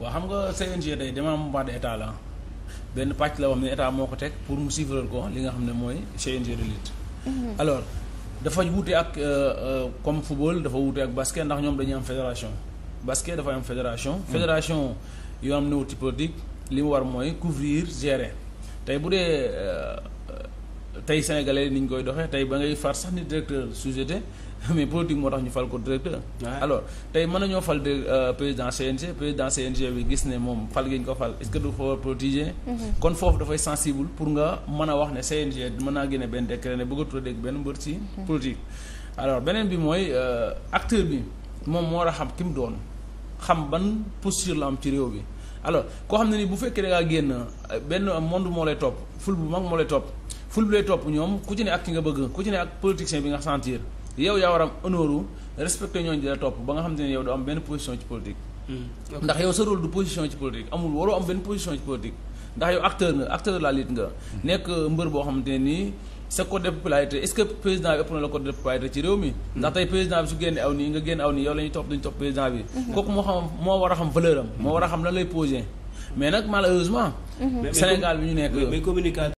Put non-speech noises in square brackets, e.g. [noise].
waa xam nga CNG day dama am mbaa de état la benn pàcc la wax ne état moo ko teg pour mu suivre ko li nga xam ne mooy CNG de lutte. Mhm. alors dafa wuute ak euh, euh, comme football dafa wuute ak basket ndax ñoom dañuy am fédération. basket dafa am fédération. Mhm. fédération yoo am ne wuti politique li mu war mooy couvrir gérer tey bu dee. Euh, tey sénégale ni ñu koy doxee tey ba ngay far sax ni directeur société [laughs] mais politique moo tax ñu fal ko directeur alors tey mën nañoo fal de euh, président CNG président CNG bi gis ne moom fal gi ñu ko fal est-ce que du fa protéger mhm. kon foofu dafay sensible pour nga mën a wax ne CNG mën naa génne benn décret ne bëggatula dégg benn mbër si mhm. politique alors beneen bi mooy euh, acteur bi moom moo war a xam ki mu doon xam ban posture la am ci réew bi alors koo xam ne ni bu fekkee da ngaa génn euh, benn monde moo lay topp bu mag moo lay topp ful bi lay topp ñoom ku ci ne ak ki nga bëgg ku ci ne ak politicien bi nga sentir yow yaa war am honneur respecté di la topp ba nga xam te ne yow du am benn position ci politique. Hmm, ndax yow sa rôle du position ci politique amul waroo am benn position ci politique ndax yow acteur nga acteur de la nga. Hmm. nekk mbër boo xam te ne nii. sa code de popularité est-ce mi hmm. ndax tey président bi su génne aw nii nga génne aw nii yow la topp duñu topp président a